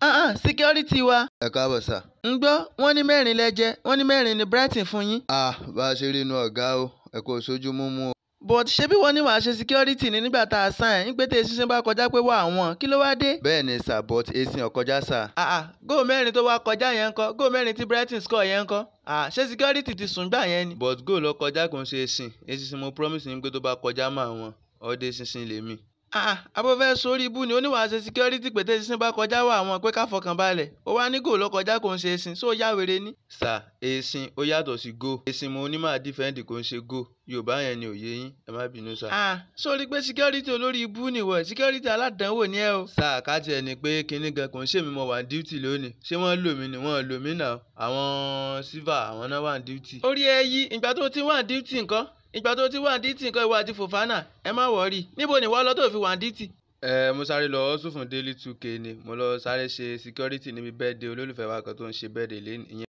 Ah uh-uh, ṣìkìrìtì wa. ẹ káàbọ̀ sà. ń gbọ́ wọ́n ní mẹ́rin lẹ jẹ wọ́n ní mẹ́rin ní Brighton fún yín. a bá a ṣe rí inú ọ̀gá o ẹ kò sójú múmú o. but ṣebí wọ́n ní wàá ṣe security ni nígbà tá a sign ń pé tí eṣinṣin bá kọjá pé wà wọ́n kí ló wá dé. bẹ́ẹ̀ ni sà but esin ọ̀kọjá sà. Ah, ah góò mẹ́rin tó wá kọjá yẹn ń kọ́ góò mẹ́rin tí Brighton score yẹn ń kọ́ ah, ṣé security ti sùn gbà yẹn ni. but góò lọ kọjá kò ń ṣe esin eṣinṣin mo promise ni pé tó bá kọjá máa wọn ọdẹ eṣinṣin lèmi àbó ah, ah, fẹ́ sórí ibú ni oníwàá ṣe síkírọ́rìtì pété sísìn bá kọjá wà àwọn pé ká fọkàn balẹ̀ ó wá ní gò ló kọjá kò ń ṣe ẹṣin só yá wèrè ni. sà ẹṣin ó yàtọ̀ sí go ẹṣin mo ní máa dífẹ́ǹdì kò ń ṣe go yorùbá yẹn ni òye yín ẹ má bínú sà. à ah, sórí pé síkírọ́rìtì olórí ibú nìwọ síkírọ́rìtì aládàánwò ni ẹ o. sà ká tiẹ̀ ni pé kinní gan kò ń ṣèmi mo wà ní díútì lónìí ṣé wọ́n lò mí ni wọ́n lò mí náà àwọn sífà àwọn náà wà ní díútì. orí ẹ yí ìgbà tó ti wà ní díútì nǹkan ìgbà tó ti wà ní dìtì nǹkan ìwà àti fòfánà ẹ má wọrí níbo ni wọ́n lọ tó fi wà ní dìtì. ẹ mo sáré lọ ọ́sùn fún daily k ni mo lọ sáré ṣe security níbi bẹ́ẹ̀dẹ̀ olólùfẹ́ wa kan tó ń ṣe bẹ́ẹ̀dẹ̀ lẹ́yìn